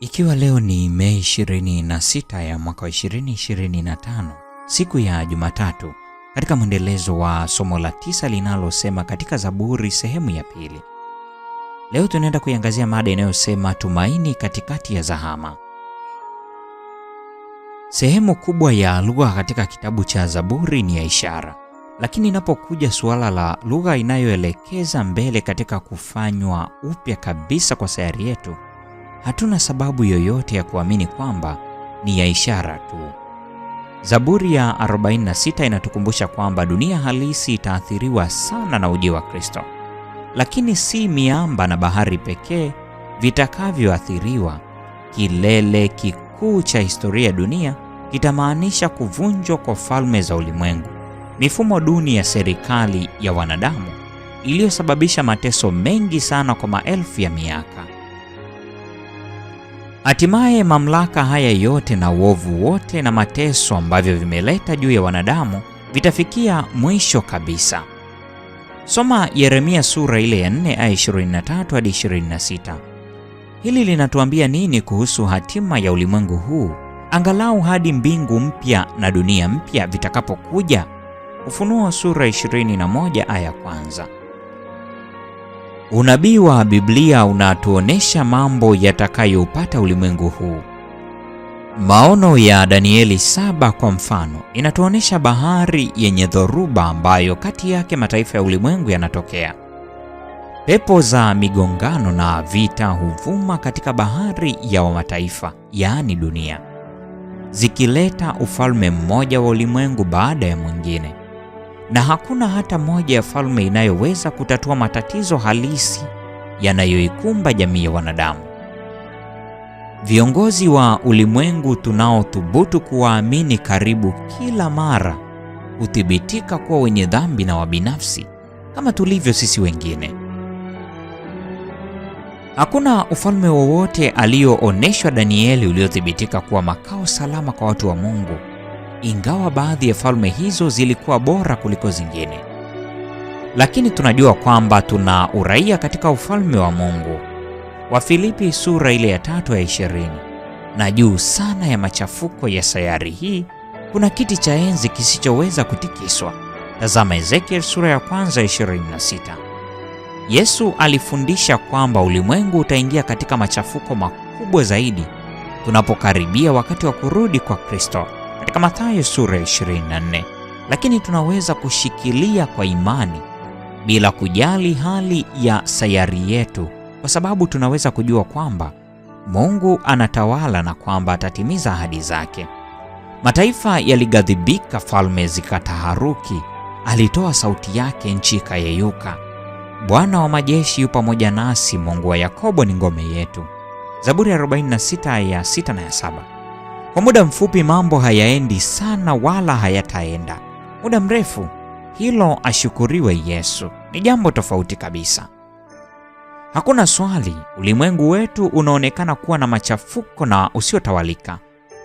Ikiwa leo ni Mei 26 ya mwaka wa 2025, siku ya Jumatatu, katika mwendelezo wa somo la tisa linalosema katika Zaburi sehemu ya pili. Leo tunaenda kuiangazia mada inayosema tumaini katikati ya zahama. Sehemu kubwa ya lugha katika kitabu cha Zaburi ni ya ishara, lakini inapokuja suala la lugha inayoelekeza mbele katika kufanywa upya kabisa kwa sayari yetu hatuna sababu yoyote ya kuamini kwamba ni ya ishara tu. Zaburi ya 46 inatukumbusha kwamba dunia halisi itaathiriwa sana na ujio wa Kristo, lakini si miamba na bahari pekee vitakavyoathiriwa. Kilele kikuu cha historia ya dunia kitamaanisha kuvunjwa kwa falme za ulimwengu, mifumo duni ya serikali ya wanadamu iliyosababisha mateso mengi sana kwa maelfu ya miaka. Hatimaye mamlaka haya yote na uovu wote na mateso ambavyo vimeleta juu ya wanadamu vitafikia mwisho kabisa. Soma Yeremia sura ile ya 4 aya 23 hadi 26. Hili linatuambia nini kuhusu hatima ya ulimwengu huu angalau hadi mbingu mpya na dunia mpya vitakapokuja? Ufunuo sura 21 aya kwanza. Unabii wa Biblia unatuonesha mambo yatakayopata ulimwengu huu. Maono ya Danieli saba kwa mfano inatuonesha bahari yenye dhoruba ambayo kati yake mataifa ya ulimwengu yanatokea. Pepo za migongano na vita huvuma katika bahari ya mataifa, yaani dunia, zikileta ufalme mmoja wa ulimwengu baada ya mwingine na hakuna hata moja ya falme inayoweza kutatua matatizo halisi yanayoikumba jamii ya wanadamu. Viongozi wa ulimwengu tunaothubutu kuwaamini karibu kila mara huthibitika kuwa wenye dhambi na wabinafsi kama tulivyo sisi wengine. Hakuna ufalme wowote alioonyeshwa Danieli uliothibitika kuwa makao salama kwa watu wa Mungu ingawa baadhi ya falme hizo zilikuwa bora kuliko zingine. Lakini tunajua kwamba tuna uraia katika ufalme wa Mungu, Wafilipi sura ile ya tatu ya ishirini. Na juu sana ya machafuko ya sayari hii kuna kiti cha enzi kisichoweza kutikiswa. Tazama Ezekiel sura ya kwanza 26. Yesu alifundisha kwamba ulimwengu utaingia katika machafuko makubwa zaidi tunapokaribia wakati wa kurudi kwa Kristo katika Mathayo sura ya 24, lakini tunaweza kushikilia kwa imani bila kujali hali ya sayari yetu, kwa sababu tunaweza kujua kwamba Mungu anatawala na kwamba atatimiza ahadi zake. Mataifa yalighadhibika, falme zikataharuki, alitoa sauti yake, nchi ikayeyuka. Bwana wa majeshi yu pamoja nasi, Mungu wa Yakobo ni ngome yetu. Zaburi ya 46 ya 6 na ya 7. Kwa muda mfupi mambo hayaendi sana wala hayataenda muda mrefu. Hilo ashukuriwe Yesu, ni jambo tofauti kabisa. Hakuna swali, ulimwengu wetu unaonekana kuwa na machafuko na usiotawalika.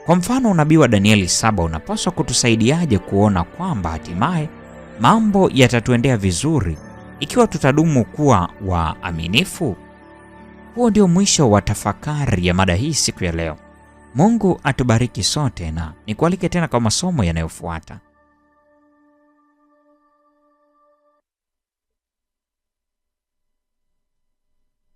Kwa mfano, unabii wa Danieli saba unapaswa kutusaidiaje kuona kwamba hatimaye mambo yatatuendea vizuri ikiwa tutadumu kuwa waaminifu? Huo ndio mwisho wa tafakari ya mada hii siku ya leo. Mungu atubariki sote na nikualike tena kwa masomo yanayofuata.